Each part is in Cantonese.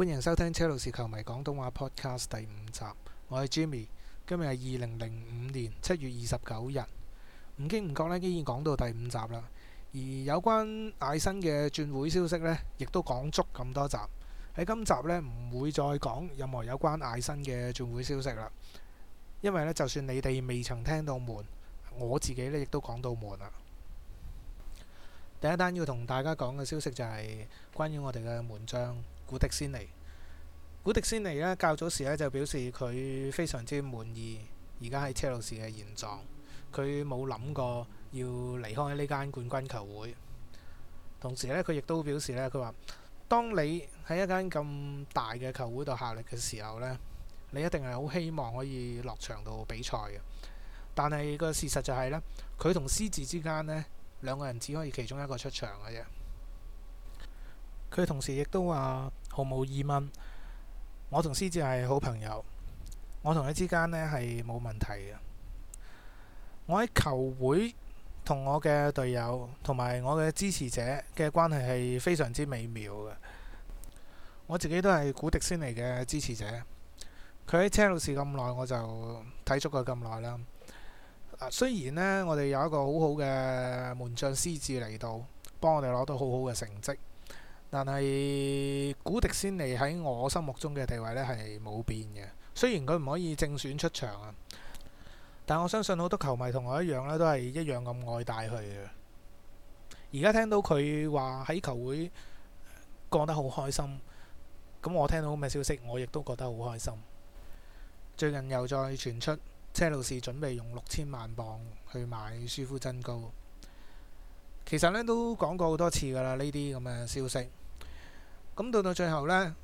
歡迎收聽《車路士球迷廣東話 Podcast》第五集，我係 Jimmy，今日係二零零五年七月二十九日。唔經唔覺呢，竟然講到第五集啦。而有關艾辛嘅轉會消息呢，亦都講足咁多集。喺今集呢，唔會再講任何有關艾辛嘅轉會消息啦，因為呢，就算你哋未曾聽到門，我自己呢亦都講到門啦。第一單要同大家講嘅消息就係關於我哋嘅門將。古迪仙尼，古迪仙尼呢。較早時呢就表示佢非常之滿意而家喺車路士嘅現狀，佢冇諗過要離開呢間冠軍球會。同時呢，佢亦都表示呢佢話：當你喺一間咁大嘅球會度效力嘅時候呢，你一定係好希望可以落場到比賽嘅。但係個事實就係呢佢同施治之間呢，兩個人只可以其中一個出場嘅啫。佢同時亦都話。毫無疑問，我同施治係好朋友，我同佢之間呢係冇問題嘅。我喺球會同我嘅隊友同埋我嘅支持者嘅關係係非常之美妙嘅。我自己都係古迪仙尼嘅支持者，佢喺車路士咁耐，我就睇足佢咁耐啦。雖然呢，我哋有一個好好嘅門將施治嚟到，幫我哋攞到好好嘅成績。但係古迪仙尼喺我心目中嘅地位呢係冇變嘅。雖然佢唔可以正選出場啊，但我相信好多球迷同我一樣呢都係一樣咁愛戴佢嘅。而家聽到佢話喺球會過得好開心，咁我聽到咁嘅消息，我亦都覺得好開心。最近又再傳出車路士準備用六千萬磅去買舒夫真高，其實呢都講過好多次噶啦，呢啲咁嘅消息。咁到到最後咧，誒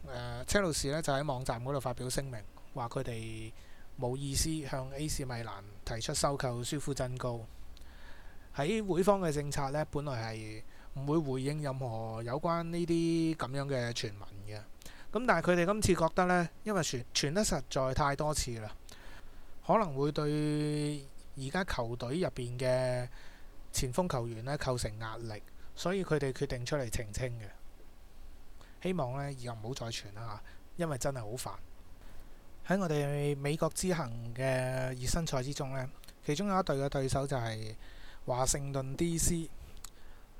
車路士咧就喺網站嗰度發表聲明，話，佢哋冇意思向 AC 米蘭提出收購舒夫真高。喺會方嘅政策咧，本來係唔會回應任何有關呢啲咁樣嘅傳聞嘅。咁但係佢哋今次覺得咧，因為傳傳得實在太多次啦，可能會對而家球隊入邊嘅前鋒球員咧構成壓力，所以佢哋決定出嚟澄清嘅。希望呢以後唔好再傳啦，嚇，因為真係好煩。喺我哋美國之行嘅熱身賽之中呢，其中有一隊嘅對手就係華盛頓 D.C.。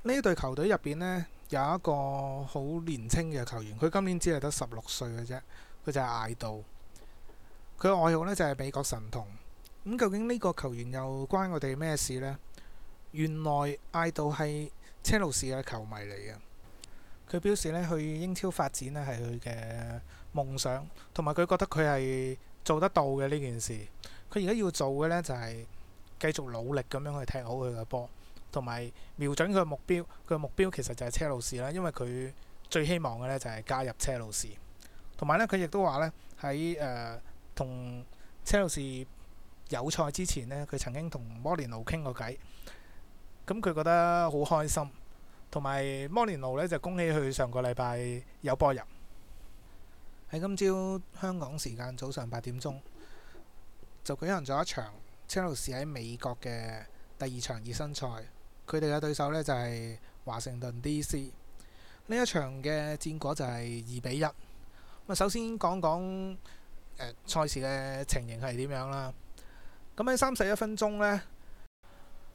呢一隊球隊入邊呢，有一個好年輕嘅球員，佢今年只係得十六歲嘅啫。佢就係艾杜，佢嘅外號呢就係美國神童。咁、嗯、究竟呢個球員又關我哋咩事呢？原來艾杜係車路士嘅球迷嚟嘅。佢表示咧，去英超發展咧係佢嘅夢想，同埋佢覺得佢係做得到嘅呢件事。佢而家要做嘅咧就係繼續努力咁樣去踢好佢嘅波，同埋瞄準佢嘅目標。佢嘅目標其實就係車路士啦，因為佢最希望嘅咧就係加入車路士。同埋咧，佢亦都話咧喺誒同車路士友賽之前呢，佢曾經同摩連奴傾過偈。咁佢覺得好開心。同埋摩連奴呢，就恭喜佢上個禮拜有波入。喺今朝香港時間早上八點鐘就舉行咗一場車路士喺美國嘅第二場熱身賽。佢哋嘅對手呢，就係、是、華盛頓 D.C. 呢一場嘅戰果就係二比一。咁首先講講誒、呃、賽事嘅情形係點樣啦？咁喺三十一分鐘呢，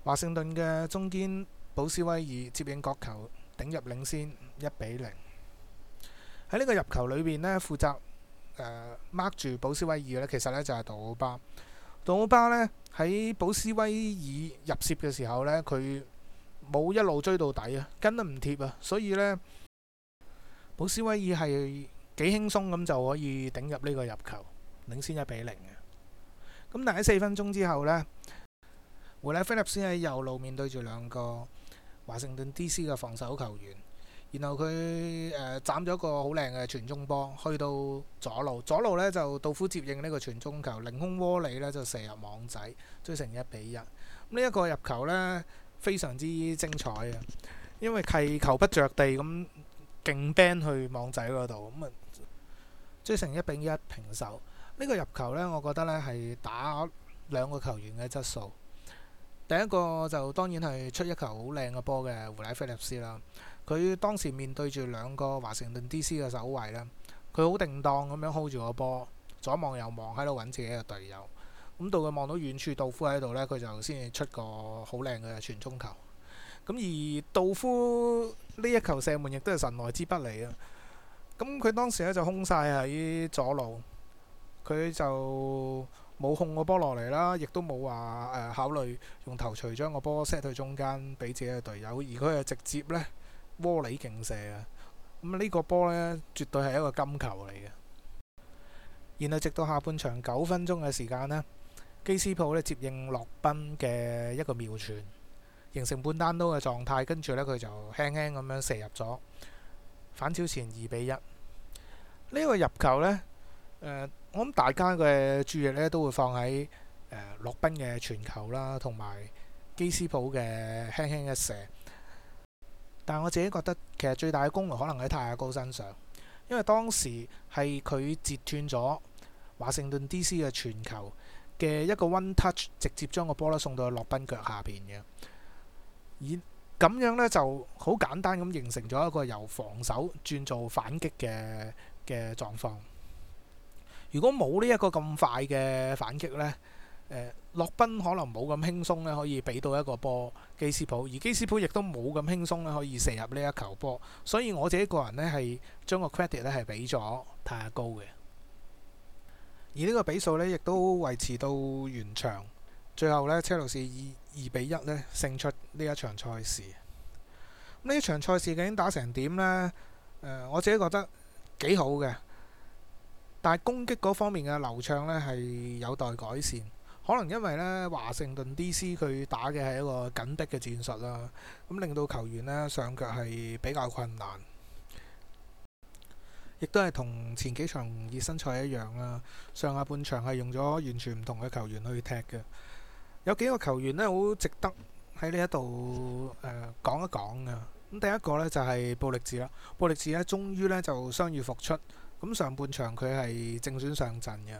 華盛頓嘅中堅。保斯威爾接應角球頂入，領先一比零。喺呢個入球裏邊咧，負責 mark、呃、住保斯威爾咧，其實呢就係杜奧巴。杜奧巴呢，喺保斯威爾入楔嘅時候呢，佢冇一路追到底啊，跟得唔貼啊，所以呢，保斯威爾係幾輕鬆咁就可以頂入呢個入球，領先一比零嘅。咁但喺四分鐘之後呢，胡拉菲立先喺右路面，面對住兩個。華盛頓 DC 嘅防守球員，然後佢誒、呃、斬咗個好靚嘅傳中波，去到左路，左路咧就杜夫接應呢個傳中球，凌空窩里咧就射入網仔，追成一比一。呢、嗯、一、這個入球咧非常之精彩啊，因為契球不着地咁勁 ban 去網仔嗰度，咁、嗯、啊追成一比一平手。呢、這個入球咧，我覺得咧係打兩個球員嘅質素。第一個就當然係出一球好靚嘅波嘅胡拉菲利斯啦，佢當時面對住兩個華盛頓 D.C 嘅守衛咧，佢好定當咁樣 hold 住個波，左望右望喺度揾自己嘅隊友，咁、嗯、到佢望到遠處杜夫喺度呢，佢就先至出個好靚嘅傳中球。咁、嗯、而杜夫呢一球射門亦都係神來之筆嚟啊！咁、嗯、佢當時咧就空晒喺左路，佢就。冇控個波落嚟啦，亦都冇話誒考慮用頭槌將個波 set 去中間俾自己嘅隊友，而佢係直接呢，窩裏勁射嘅。咁、嗯、呢、呢個波呢，絕對係一個金球嚟嘅。然後直到下半場九分鐘嘅時間呢，基斯普呢接應洛賓嘅一個妙傳，形成半單刀嘅狀態，跟住呢，佢就輕輕咁樣射入咗，反超前二比一。呢、呢個入球呢。呃、我諗大家嘅注意力都會放喺誒洛賓嘅傳球啦，同埋基斯普嘅輕輕一射。但係我自己覺得，其實最大嘅功能可能喺泰亞高身上，因為當時係佢截斷咗華盛頓 D.C 嘅傳球嘅一個 one touch，直接將個波粒送到去洛賓腳下邊嘅。而咁樣呢，就好簡單咁形成咗一個由防守轉做反擊嘅嘅狀況。如果冇呢一個咁快嘅反擊呢，誒、呃，洛賓可能冇咁輕鬆咧，可以俾到一個波基斯普，而基斯普亦都冇咁輕鬆咧，可以射入呢一球波。所以我自己個人呢係將個 credit 咧係俾咗泰亞高嘅。而呢個比數呢亦都維持到完場。最後呢，車路士以二比一咧勝出呢一場賽事。呢、嗯、一場賽事究竟打成點呢、呃？我自己覺得幾好嘅。但係攻擊嗰方面嘅流暢呢係有待改善。可能因為呢華盛頓 D.C. 佢打嘅係一個緊逼嘅戰術啦，咁令到球員呢上腳係比較困難。亦都係同前幾場熱身賽一樣啦，上下半場係用咗完全唔同嘅球員去踢嘅。有幾個球員呢好值得喺呢一度誒講一講嘅。咁第一個呢就係布力治啦，布力治呢終於呢就傷愈復出。咁上半場佢係正選上陣嘅，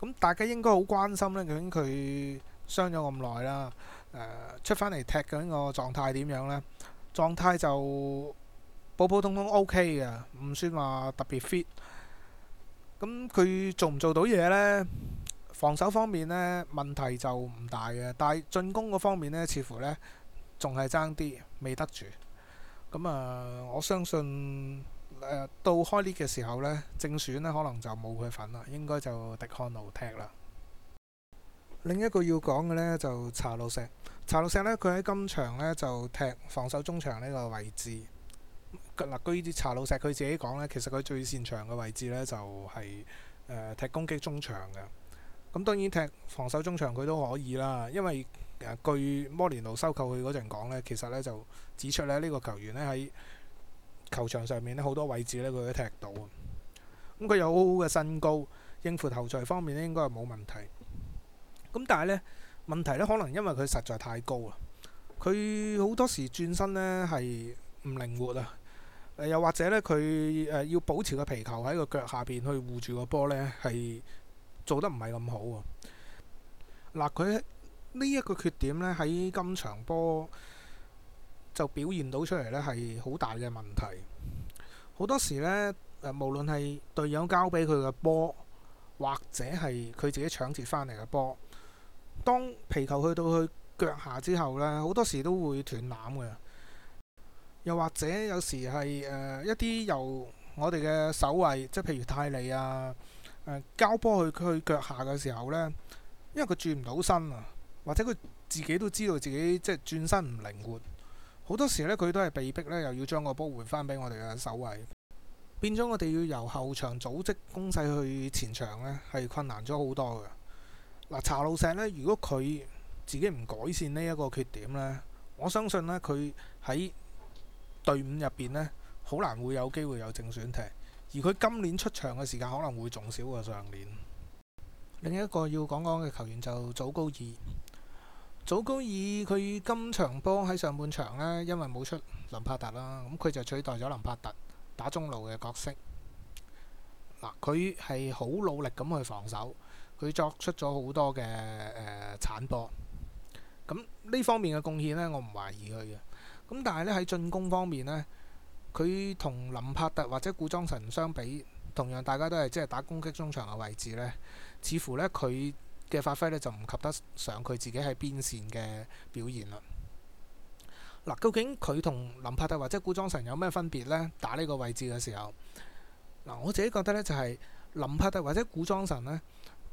咁大家應該好關心呢。究竟佢傷咗咁耐啦，出返嚟踢緊個狀態點樣呢？狀態就普普通通 OK 嘅，唔算話特別 fit。咁、嗯、佢做唔做到嘢呢？防守方面呢，問題就唔大嘅，但係進攻嗰方面呢，似乎呢，仲係爭啲，未得住。咁、嗯、啊、呃，我相信。到開 l 嘅時候呢，正選呢可能就冇佢份啦，應該就迪康奴踢啦。另一個要講嘅呢，就查魯石，查魯石呢，佢喺今場呢就踢防守中場呢個位置。嗱，據查魯石佢自己講呢，其實佢最擅長嘅位置呢就係、是呃、踢攻擊中場嘅。咁當然踢防守中場佢都可以啦，因為誒據摩連奴收購佢嗰陣講呢，其實呢就指出咧呢、這個球員呢喺。球場上面咧好多位置咧，佢都踢到咁佢有好好嘅身高，應付球賽方面咧應該係冇問題呢。咁但係咧問題咧，可能因為佢實在太高啊！佢好多時轉身咧係唔靈活啊！又或者咧，佢、呃、要保持個皮球喺個腳下邊去護住個波呢係做得唔係咁好啊！嗱，佢呢一個缺點呢喺今場波，就表現到出嚟呢係好大嘅問題。好多時咧，無論係隊友交俾佢嘅波，或者係佢自己搶截返嚟嘅波，當皮球去到佢腳下之後呢，好多時都會斷纜嘅。又或者有時係誒、呃、一啲由我哋嘅守衞，即係譬如泰利啊，呃、交波去佢腳下嘅時候呢，因為佢轉唔到身啊，或者佢自己都知道自己即係轉身唔靈活。好多時呢，佢都係被逼呢，又要將個波換返俾我哋嘅守衞。變咗我哋要由後場組織攻勢去前場呢，係困難咗好多嘅。查魯石呢，如果佢自己唔改善呢一個缺點呢，我相信呢，佢喺隊伍入邊呢，好難會有機會有正選踢，而佢今年出場嘅時間可能會仲少過上年。另一個要講講嘅球員就祖高爾。祖高爾佢今場波喺上半場呢，因為冇出林柏特啦，咁佢就取代咗林柏特打中路嘅角色。嗱，佢係好努力咁去防守，佢作出咗好多嘅誒產波。咁呢方面嘅貢獻呢，我唔懷疑佢嘅。咁但係呢，喺進攻方面呢，佢同林柏特或者古裝神相比，同樣大家都係即係打攻擊中場嘅位置呢，似乎呢，佢嘅發揮咧就唔及得上佢自己喺邊線嘅表現啦。嗱、啊，究竟佢同林柏特或者古裝神有咩分別呢？打呢個位置嘅時候，嗱、啊，我自己覺得呢，就係、是、林柏特或者古裝神呢，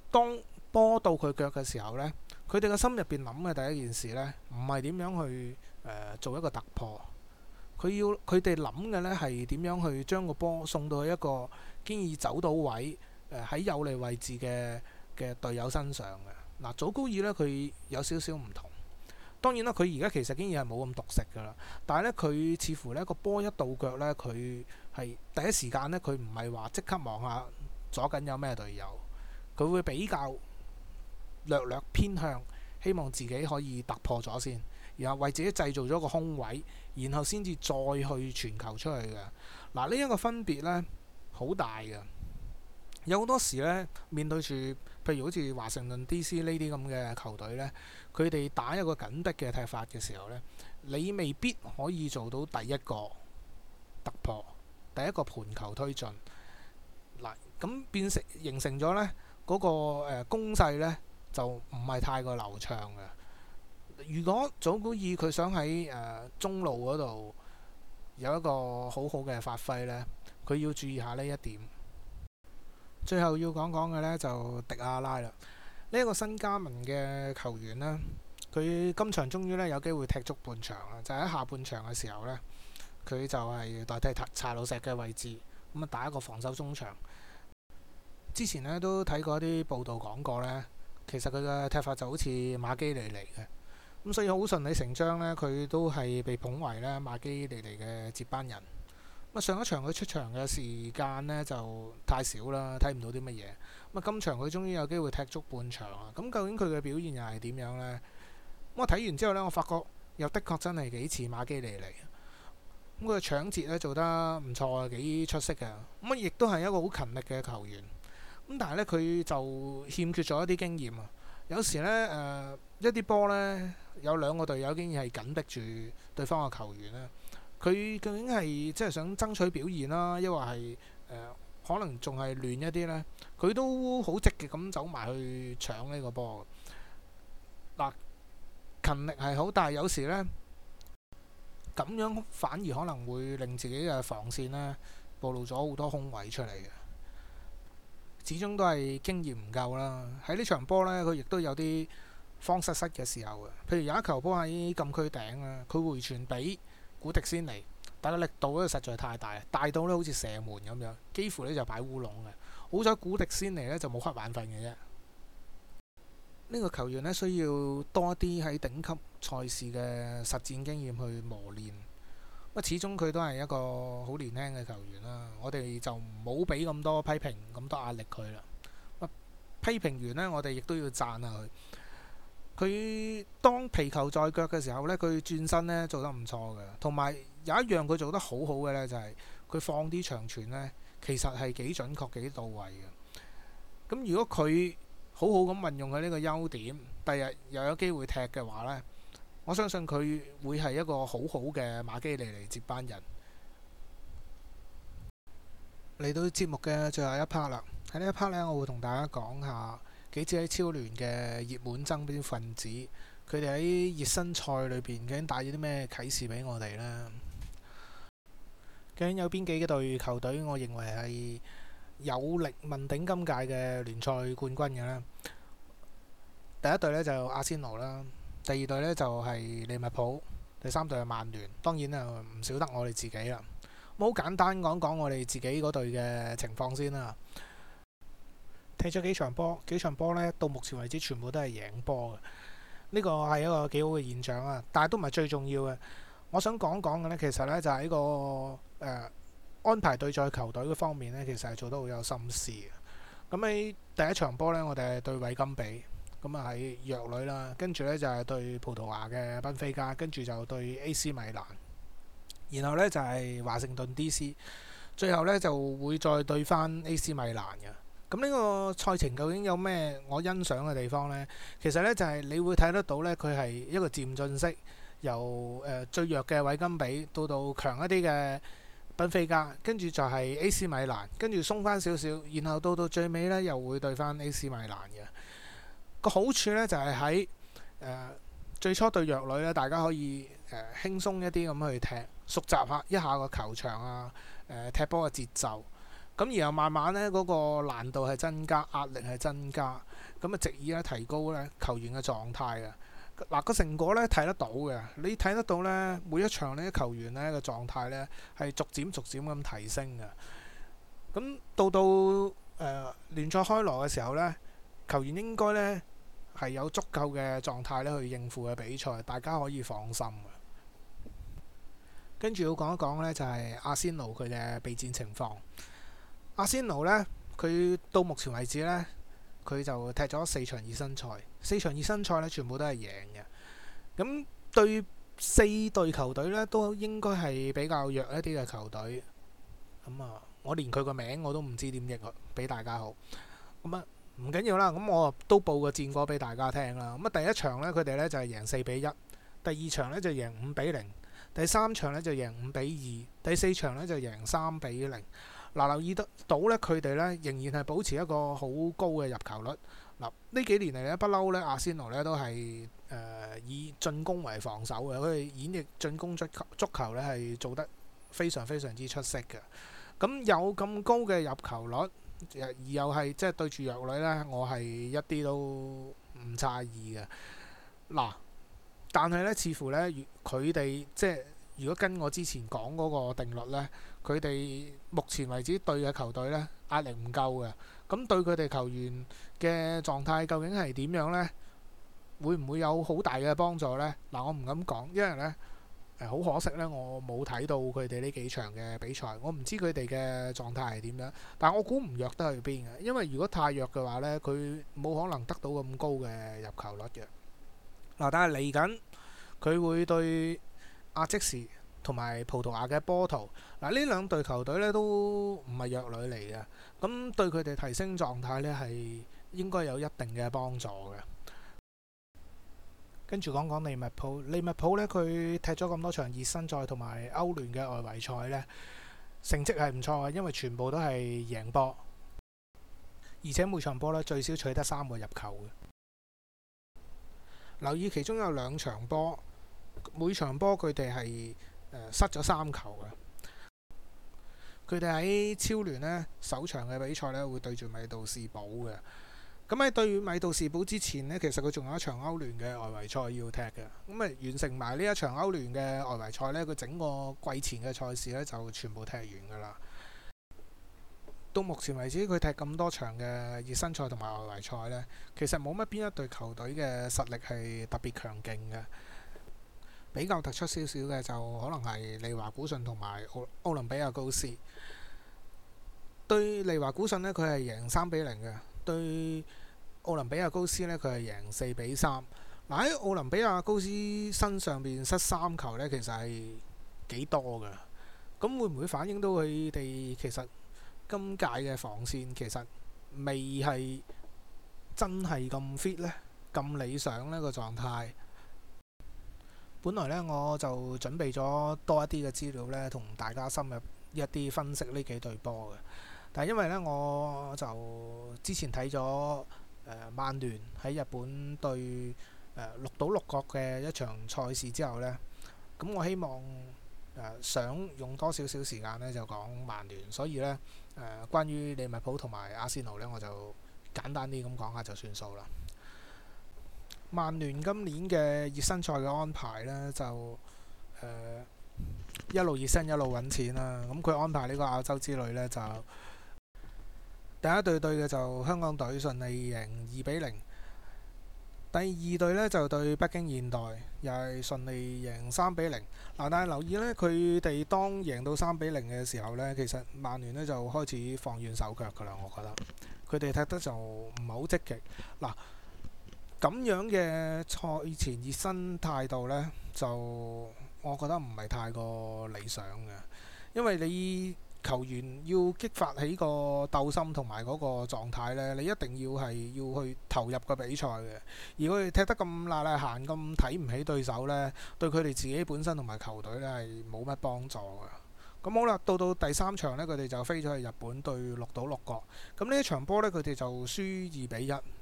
當波到佢腳嘅時候呢，佢哋嘅心入邊諗嘅第一件事呢，唔係點樣去誒、呃、做一個突破，佢要佢哋諗嘅呢，係點樣去將個波送到去一個經已走到位喺、呃、有利位置嘅嘅隊友身上嘅嗱，祖高爾呢，佢有少少唔同，當然啦，佢而家其實已經係冇咁獨食噶啦，但係呢，佢似乎呢個波一到腳呢，佢係第一時間呢，佢唔係話即刻望下左緊有咩隊友，佢會比較略略偏向希望自己可以突破咗先，然後為自己製造咗個空位，然後先至再去傳球出去嘅。嗱，呢一個分別呢，好大嘅，有好多時呢，面對住。譬如好似華盛頓 DC 呢啲咁嘅球隊呢，佢哋打一個緊逼嘅踢法嘅時候呢，你未必可以做到第一個突破，第一個盤球推進。嗱，咁變成形成咗呢嗰、嗰個誒攻勢呢，就唔係太過流暢嘅。如果祖古爾佢想喺誒、呃、中路嗰度有一個好好嘅發揮呢，佢要注意下呢一點。最後要講講嘅呢，就迪亞拉啦，呢、這、一個新加盟嘅球員呢，佢今場終於呢有機會踢足半場啦，就喺、是、下半場嘅時候呢，佢就係代替塔查魯石嘅位置，咁啊，打一個防守中場。之前呢都睇過一啲報道講過呢，其實佢嘅踢法就好似馬基尼尼嘅，咁所以好順理成章呢，佢都係被捧為咧馬基尼尼嘅接班人。上一場佢出場嘅時間呢就太少啦，睇唔到啲乜嘢。咁啊，今場佢終於有機會踢足半場啊！咁究竟佢嘅表現又係點樣呢？咁我睇完之後呢，我發覺又的確真係幾似馬基利尼嚟。咁佢搶截呢做得唔錯，幾出色嘅。咁啊，亦都係一個好勤力嘅球員。咁但係呢，佢就欠缺咗一啲經驗啊。有時呢，誒、呃、一啲波呢，有兩個隊友竟然係緊逼住對方嘅球員啦。佢究竟係即係想爭取表現啦，抑或係、呃、可能仲係亂一啲呢？佢都好積極咁走埋去搶呢個波。嗱，勤力係好，但係有時呢，咁樣反而可能會令自己嘅防線呢暴露咗好多空位出嚟嘅。始終都係經驗唔夠啦。喺呢場波呢，佢亦都有啲慌失失嘅時候嘅。譬如有一球波喺禁區頂啊，佢回傳俾古迪仙尼，但係力度咧實在太大，大到咧好似射門咁樣，幾乎咧就擺烏龍嘅。好彩古迪仙尼呢就冇瞌眼瞓嘅啫。呢個球員呢需要多啲喺頂級賽事嘅實戰經驗去磨練。始終佢都係一個好年輕嘅球員啦。我哋就唔好俾咁多批評，咁多壓力佢啦。批評完呢，我哋亦都要讚下佢。佢當皮球在腳嘅時候呢，佢轉身呢做得唔錯嘅，同埋有，有一樣佢做得好好嘅呢，就係、是、佢放啲長傳呢，其實係幾準確幾到位嘅。咁、嗯、如果佢好好咁運用佢呢個優點，第日又有機會踢嘅話呢，我相信佢會係一個好好嘅馬基里尼嚟接班人。嚟、嗯、到節目嘅最後一 part 啦，喺呢一 part 呢，我會同大家講下。幾支喺超聯嘅熱門爭嗰啲份子，佢哋喺熱身賽裏邊究竟帶咗啲咩啟示俾我哋呢？究竟有邊幾個隊球隊，我認為係有力問鼎今屆嘅聯賽冠軍嘅呢？第一隊呢就阿仙奴啦，第二隊呢就係利物浦，第三隊係曼聯。當然啊，唔少得我哋自己啦。好簡單講講我哋自己嗰隊嘅情況先啦。踢咗幾場波，幾場波呢到目前為止全部都係贏波嘅。呢個係一個幾好嘅現象啊！但係都唔係最重要嘅。我想講講嘅呢，其實呢就係、是、呢、這個誒、呃、安排對賽球隊嘅方面呢，其實係做得好有心思嘅。咁、嗯、喺第一場波呢，我哋係對韋甘比咁啊，喺、嗯、弱旅啦。跟住呢就係、是、對葡萄牙嘅賓菲加，跟住就對 A.C. 米蘭，然後呢就係、是、華盛頓 D.C. 最後呢就會再對翻 A.C. 米蘭嘅。咁呢個賽程究竟有咩我欣賞嘅地方呢？其實呢，就係、是、你會睇得到呢，佢係一個漸進式，由、呃、最弱嘅維金比到到強一啲嘅賓菲加，跟住就係 AC 米蘭，跟住鬆返少少，然後到到最尾呢，又會對翻 AC 米蘭嘅。個好處呢，就係、是、喺、呃、最初對弱旅呢，大家可以誒輕鬆一啲咁去踢，熟習下一下個球場啊，呃、踢波嘅節奏。咁然後慢慢呢，嗰、那個難度係增加，壓力係增加，咁啊，直以咧提高呢球員嘅狀態啊。嗱、那，個成果呢睇得到嘅，你睇得到呢每一場呢球員狀態呢嘅狀態呢係逐漸逐漸咁提升嘅。咁到到誒聯賽開羅嘅時候呢，球員應該呢係有足夠嘅狀態呢去應付嘅比賽，大家可以放心，跟住要講一講呢就係、是、阿仙奴佢嘅備戰情況。阿仙奴呢，佢到目前為止呢，佢就踢咗四場熱身賽，四場熱身賽呢，全部都係贏嘅。咁、嗯、對四隊球隊呢，都應該係比較弱一啲嘅球隊。咁、嗯、啊，我連佢個名我都唔知點譯佢，俾大家好。咁、嗯、啊，唔緊要啦。咁、嗯、我都報個戰果俾大家聽啦。咁、嗯、啊，第一場呢，佢哋呢就係贏四比一；第二場呢，就贏、是、五比零；第三場呢，就贏、是、五比二；第四場呢，就贏、是、三比零。嗱，留意得到咧，佢哋咧仍然係保持一個好高嘅入球率。嗱，呢幾年嚟咧，不嬲咧，阿仙奴咧都係誒、呃、以進攻為防守嘅，佢哋演繹進攻足球足球咧係做得非常非常之出色嘅。咁、嗯、有咁高嘅入球率，而又係即係對住弱旅咧，我係一啲都唔詫異嘅。嗱，但係咧，似乎咧，佢哋即係如果跟我之前講嗰個定律咧。佢哋目前為止對嘅球隊咧，壓力唔夠嘅。咁對佢哋球員嘅狀態究竟係點樣咧？會唔會有好大嘅幫助咧？嗱，我唔敢講，因為咧誒好可惜咧，我冇睇到佢哋呢幾場嘅比賽，我唔知佢哋嘅狀態係點樣。但係我估唔弱得去邊嘅，因為如果太弱嘅話咧，佢冇可能得到咁高嘅入球率嘅。嗱，但係嚟緊佢會對阿積士。同埋葡萄牙嘅波圖嗱，兩隊呢兩隊球隊咧都唔係弱旅嚟嘅，咁對佢哋提升狀態咧係應該有一定嘅幫助嘅。跟住講講利物浦，利物浦呢，佢踢咗咁多場熱身賽同埋歐聯嘅外圍賽呢，成績係唔錯嘅，因為全部都係贏波，而且每場波咧最少取得三個入球嘅。留意其中有兩場波，每場波佢哋係。失咗、呃、三球嘅，佢哋喺超聯呢首場嘅比賽呢，會對住米杜士堡嘅，咁、嗯、喺對住米杜士堡之前呢，其實佢仲有一場歐聯嘅外圍賽要踢嘅，咁、嗯、啊完成埋呢一場歐聯嘅外圍賽呢，佢整個季前嘅賽事呢，就全部踢完噶啦。到目前為止，佢踢咁多場嘅熱身賽同埋外圍賽呢，其實冇乜邊一隊球隊嘅實力係特別強勁嘅。比較突出少少嘅就可能係利華古遜同埋奧奧林比亞高斯。對利華古遜咧，佢係贏三比零嘅；對奧林比亞高斯咧，佢係贏四比三。嗱，喺奧林比亞高斯身上邊失三球咧，其實係幾多嘅？咁會唔會反映到佢哋其實今屆嘅防線其實未係真係咁 fit 咧？咁理想咧個狀態？本來咧我就準備咗多一啲嘅資料咧，同大家深入一啲分析呢幾對波嘅。但係因為咧，我就之前睇咗誒曼聯喺日本對誒、呃、鹿島鹿角嘅一場賽事之後咧，咁、嗯、我希望誒、呃、想用多少少時間咧就講曼聯，所以咧誒、呃、關於利物浦同埋阿仙奴咧，我就簡單啲咁講下就算數啦。曼聯今年嘅熱身賽嘅安排呢，就、呃、一路熱身一路揾錢啦、啊。咁、嗯、佢安排呢個亞洲之旅呢，就第一隊對嘅就香港隊順利贏二比零，第二隊呢就對北京現代又係順利贏三比零。嗱，但係留意呢，佢哋當贏到三比零嘅時候呢，其實曼聯呢就開始放軟手腳㗎喇。我覺得佢哋踢得就唔係好積極嗱。咁樣嘅賽前熱身態度呢，就我覺得唔係太過理想嘅，因為你球員要激發起個鬥心同埋嗰個狀態呢，你一定要係要去投入個比賽嘅。而佢哋踢得咁啦啦閒，咁睇唔起對手呢，對佢哋自己本身同埋球隊呢係冇乜幫助嘅。咁、嗯、好啦，到到第三場呢，佢哋就飛咗去日本對鹿島鹿角，咁、嗯、呢一場波呢，佢哋就輸二比一。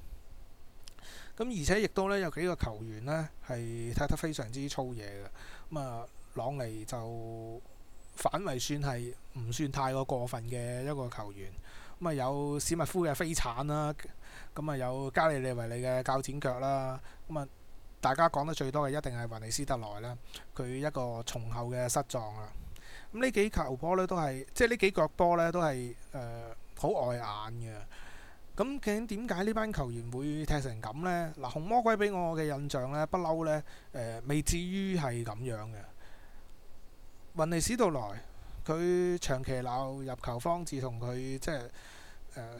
咁而且亦都咧有幾個球員呢係踢得非常之粗野嘅。咁啊朗尼就反為算係唔算太過過分嘅一個球員，咁啊有史密夫嘅飛鏟啦，咁啊有加利利維利嘅較剪腳啦，咁啊大家講得最多嘅一定係雲尼斯特萊啦，佢一個從後嘅失狀啦，咁呢幾球波呢都係，即係呢幾腳波呢都係誒好礙眼嘅。咁究竟點解呢班球員會踢成咁呢？嗱，紅魔鬼俾我嘅印象呢，不嬲呢，未至於係咁樣嘅。雲尼史杜來，佢長期鬧入球荒，自從佢即係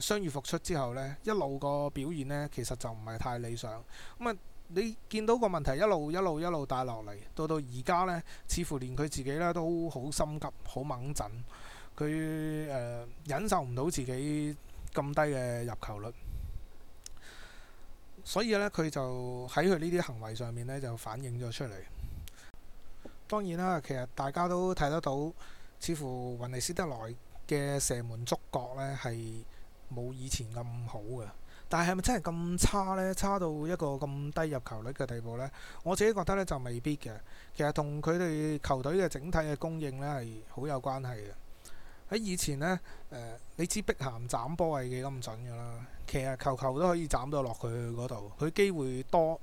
誒傷愈復出之後呢，一路個表現呢，其實就唔係太理想。咁啊，你見到個問題一路一路一路帶落嚟，到到而家呢，似乎連佢自己呢都好心急、好猛陣，佢、呃、忍受唔到自己咁低嘅入球率，所以呢，佢就喺佢呢啲行為上面呢，就反映咗出嚟。當然啦，其實大家都睇得到，似乎雲尼斯德萊嘅射門觸角呢，係冇以前咁好嘅。但係係咪真係咁差呢？差到一個咁低入球率嘅地步呢，我自己覺得呢，就未必嘅。其實同佢哋球隊嘅整體嘅供應呢，係好有關係嘅。喺以前呢，誒、呃、你知碧咸斬波係幾咁準噶啦，其實球球都可以斬到落去嗰度，佢機會多，誒、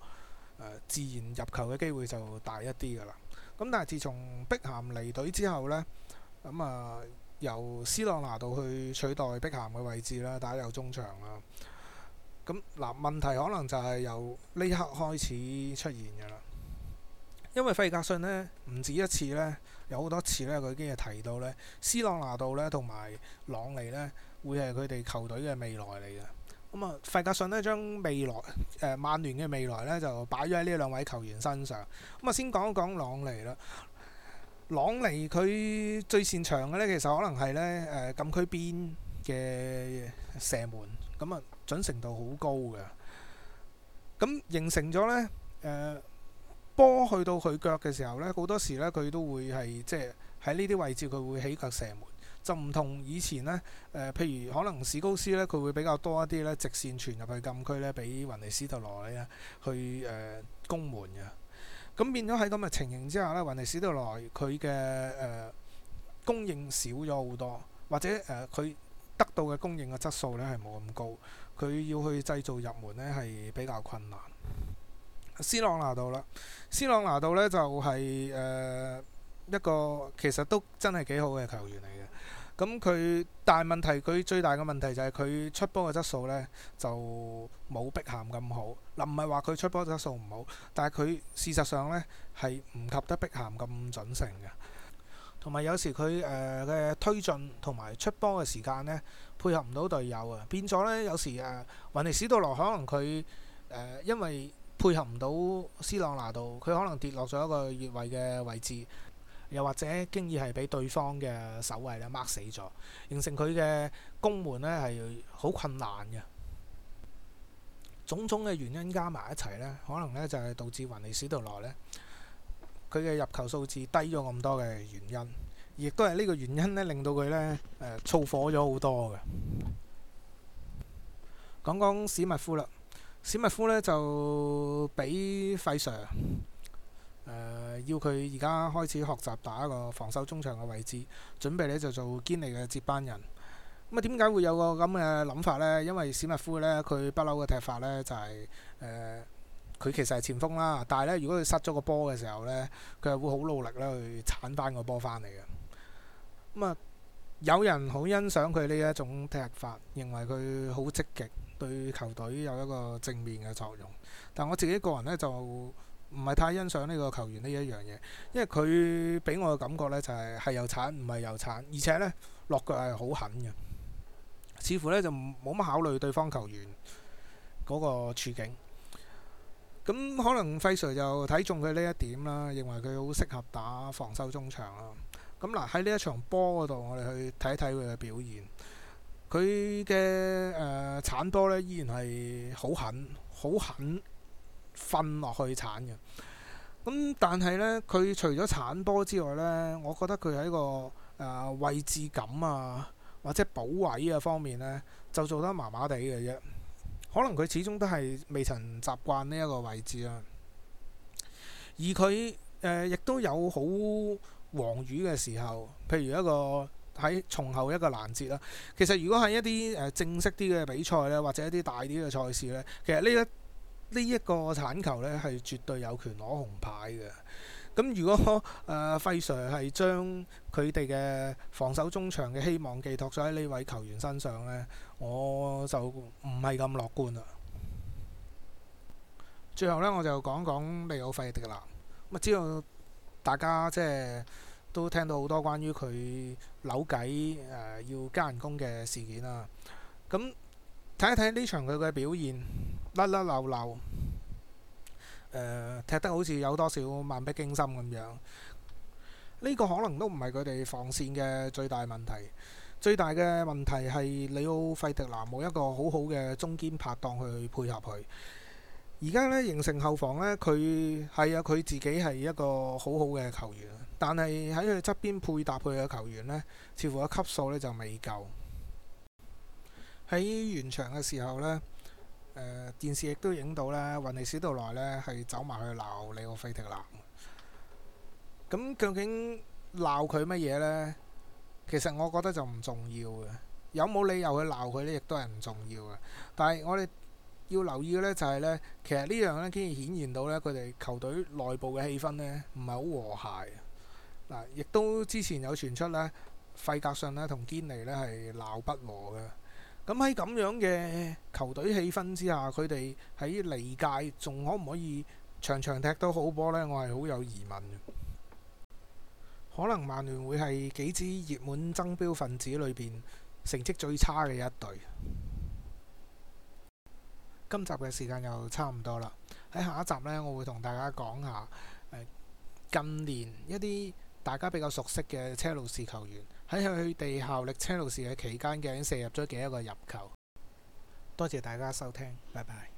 呃、自然入球嘅機會就大一啲噶啦。咁但係自從碧咸離隊之後呢，咁、嗯、啊、呃、由斯朗拿度去取代碧咸嘅位置啦，打右中場啦。咁、嗯、嗱、呃、問題可能就係由呢一刻開始出現噶啦，因為費格遜呢唔止一次呢。有好多次咧，佢已經提到咧，斯朗拿度咧同埋朗尼咧，會係佢哋球隊嘅未來嚟嘅。咁、嗯、啊，費、呃、格遜呢將未來誒、呃、曼聯嘅未來咧就擺咗喺呢兩位球員身上。咁、嗯、啊，先講一講朗尼啦。朗尼佢最擅長嘅咧，其實可能係咧誒禁區邊嘅射門，咁、嗯、啊準程度好高嘅。咁、嗯、形成咗咧誒。呃波去到佢腳嘅時候呢，好多時呢，佢都會係即係喺呢啲位置佢會起腳射門，就唔同以前呢、呃，譬如可能史高斯呢，佢會比較多一啲呢，直線傳入去禁區呢，俾雲尼斯特羅呢去誒、呃、攻門嘅。咁變咗喺咁嘅情形之下呢，雲尼斯特羅佢嘅誒供應少咗好多，或者誒佢、呃、得到嘅供應嘅質素呢係冇咁高，佢要去製造入門呢，係比較困難。斯朗拿度啦，斯朗拿度呢就係、是、誒、呃、一個其實都真係幾好嘅球員嚟嘅。咁佢但係問題佢最大嘅問題就係、是、佢出波嘅質素呢就冇碧咸咁好嗱，唔係話佢出波嘅質素唔好，但係佢事實上呢係唔及得碧咸咁準成嘅。同埋有，有時佢誒嘅推進同埋出波嘅時間呢配合唔到隊友啊，變咗呢有時誒云、呃、尼史道羅可能佢、呃、因為。配合唔到斯朗拿度，佢可能跌落咗一個越位嘅位置，又或者經已係俾對方嘅守衞咧掹死咗，形成佢嘅攻門呢係好困難嘅。種種嘅原因加埋一齊呢，可能呢就係導致雲尼史度羅呢，佢嘅入球數字低咗咁多嘅原因，亦都係呢個原因呢令到佢呢，誒、呃、燥火咗好多嘅。講講史密夫啦。史密夫呢就俾費 Sir、呃，要佢而家開始學習打一個防守中場嘅位置，準備呢就做堅尼嘅接班人。咁啊，點解會有個咁嘅諗法呢？因為史密夫呢，佢不嬲嘅踢法呢就係、是、佢、呃、其實係前鋒啦，但係呢，如果佢失咗個波嘅時候呢，佢係會好努力呢去鏟翻個波返嚟嘅。咁啊，有人好欣賞佢呢一種踢法，認為佢好積極。對球隊有一個正面嘅作用，但我自己個人呢就唔係太欣賞呢個球員呢一樣嘢，因為佢俾我嘅感覺呢就係係又鏟，唔係又鏟，而且呢落腳係好狠嘅，似乎呢就冇乜考慮對方球員嗰個處境。咁可能費 Sir 就睇中佢呢一點啦，認為佢好適合打防守中場啦。咁嗱喺呢一場波嗰度，我哋去睇一睇佢嘅表現，佢嘅誒、鏟波呢依然係好狠，好狠瞓落去鏟嘅。咁、嗯、但係呢，佢除咗鏟波之外呢，我覺得佢喺個誒、呃、位置感啊，或者保位啊方面呢，就做得麻麻地嘅啫。可能佢始終都係未曾習慣呢一個位置啊。而佢、呃、亦都有好黃魚嘅時候，譬如一個喺從後一個攔截啦。其實如果係一啲誒正式啲嘅比賽呢，或者一啲大啲嘅賽事呢，其實呢一呢一個鏟球呢係絕對有權攞紅牌嘅。咁如果誒費、呃、Sir 係將佢哋嘅防守中場嘅希望寄託咗喺呢位球員身上呢，我就唔係咁樂觀啦。最後呢，我就講講利個費迪南。咁啊，只大家即係。都聽到好多關於佢扭計、呃、要加人工嘅事件啦、啊。咁、嗯、睇一睇呢場佢嘅表現甩甩漏漏、呃、踢得好似有多少萬別驚心咁樣。呢、這個可能都唔係佢哋防線嘅最大問題，最大嘅問題係里奧費迪南冇一個好好嘅中堅拍檔去配合佢。而家呢，形成後防呢，佢係有佢自己係一個好好嘅球員，但係喺佢側邊配搭佢嘅球員呢，似乎個級數呢就未夠。喺完場嘅時候呢，誒、呃、電視亦都影到呢，雲尼史杜萊呢係走埋去鬧你個費迪南。咁、嗯、究竟鬧佢乜嘢呢？其實我覺得就唔重要嘅，有冇理由去鬧佢呢？亦都係唔重要嘅。但係我哋，要留意嘅呢就係呢，其實呢樣呢竟然顯現到呢，佢哋球隊內部嘅氣氛呢唔係好和諧。嗱，亦都之前有傳出呢，費格遜呢同堅尼呢係鬧不和嘅。咁喺咁樣嘅球隊氣氛之下，佢哋喺離界仲可唔可以場場踢到好波呢？我係好有疑問。可能曼聯會係幾支熱門爭標份子裏邊成績最差嘅一隊。今集嘅時間又差唔多啦，喺下一集呢，我會同大家講下近年一啲大家比較熟悉嘅車路士球員，喺佢哋效力車路士嘅期間，究竟射入咗幾多個入球？多謝大家收聽，拜拜。